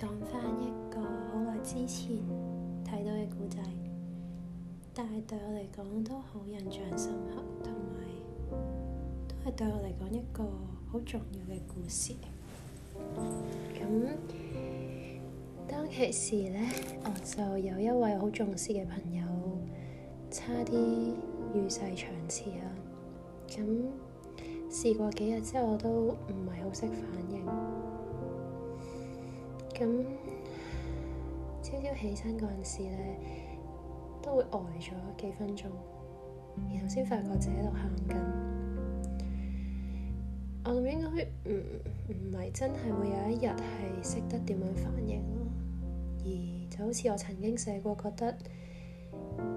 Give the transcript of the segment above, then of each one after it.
講翻一個好耐之前睇到嘅故仔，但係對我嚟講都好印象深刻，同埋都係對我嚟講一個好重要嘅故事。咁、嗯、當其時咧，我就有一位好重視嘅朋友，差啲與世長辭啦。咁試過幾日之後，我都唔係好識反應。咁朝朝起身嗰陣時咧，都會呆咗幾分鐘，然後先發覺自己喺度喊緊。我諗應該唔唔係真係會有一日係識得點樣反應咯。而就好似我曾經寫過，覺得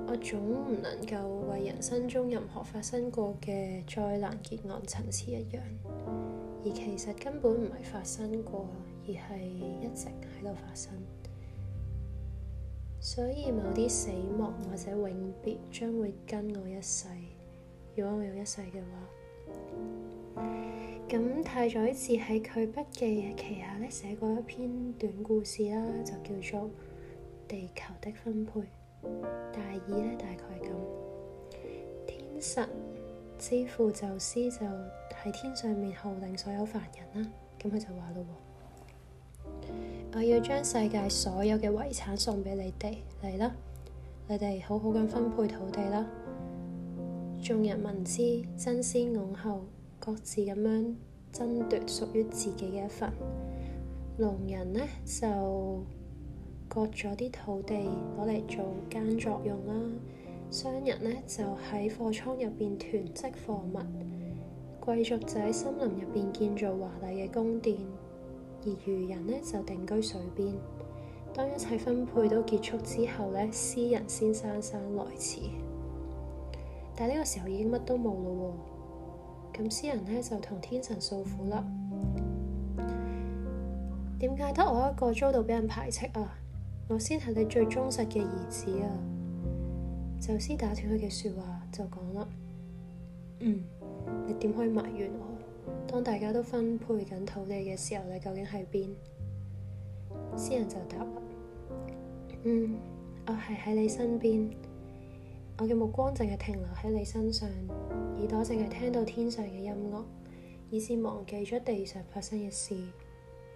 我總唔能夠為人生中任何發生過嘅災難結案陳詞一樣。而其實根本唔係發生過，而係一直喺度發生。所以某啲死亡或者永別將會跟我一世，如果我有一世嘅話。咁太宰治喺佢筆記嘅旗下咧寫過一篇短故事啦，就叫做《地球的分配》。大意咧大概咁：天神之父宙斯就，喺天上面號令所有凡人啦，咁佢就話咯：我要將世界所有嘅遺產送俾你哋，嚟啦，你哋好好咁分配土地啦。眾人聞之，爭先恐後，各自咁樣爭奪屬於自己嘅一份。農人呢，就割咗啲土地攞嚟做耕作用啦，商人呢，就喺貨倉入邊囤積貨物。貴族就喺森林入邊建造華麗嘅宮殿，而漁人呢就定居水邊。當一切分配都結束之後呢，詩人先姍姍來遲。但係呢個時候已經乜都冇咯。咁詩人呢就同天神訴苦啦：點解得我一個遭到俾人排斥啊？我先係你最忠實嘅兒子啊！就先打斷佢嘅說話就說，就講啦。嗯，你點可以埋怨我？當大家都分配緊土地嘅時候，你究竟喺邊？詩人就答：嗯，我係喺你身邊，我嘅目光淨係停留喺你身上，耳朵淨係聽到天上嘅音樂，以致忘記咗地上發生嘅事。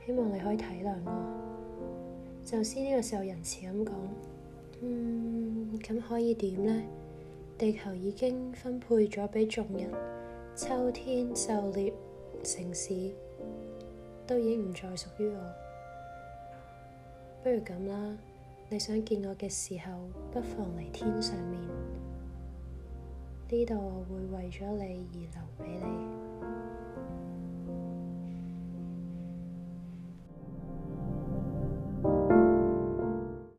希望你可以體諒我。宙斯呢個時候仁慈咁講：嗯，咁可以點呢？」地球已經分配咗畀眾人，秋天、狩獵、城市都已經唔再屬於我。不如咁啦，你想見我嘅時候，不妨嚟天上面，呢度我會為咗你而留畀你。